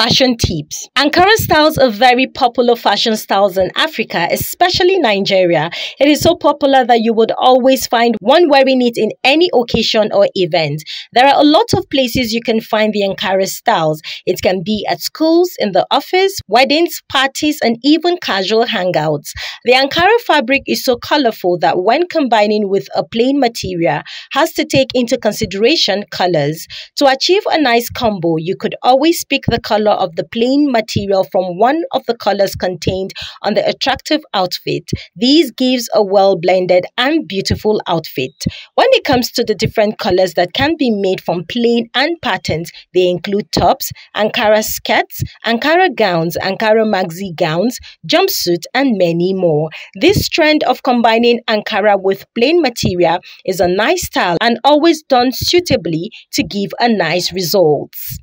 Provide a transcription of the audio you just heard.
fashion tips. Ankara styles are very popular fashion styles in Africa, especially Nigeria. It is so popular that you would always find one wearing it in any occasion or event. There are a lot of places you can find the Ankara styles. It can be at schools, in the office, weddings, parties, and even casual hangouts. The Ankara fabric is so colorful that when combining with a plain material, has to take into consideration colors. To achieve a nice combo, you could always pick the color color of the plain material from one of the colors contained on the attractive outfit. These gives a well blended and beautiful outfit. When it comes to the different colors that can be made from plain and patterns, they include tops, Ankara skirts, Ankara gowns, Ankara maxi gowns, jumpsuit, and many more. This trend of combining Ankara with plain material is a nice style and always done suitably to give a nice results.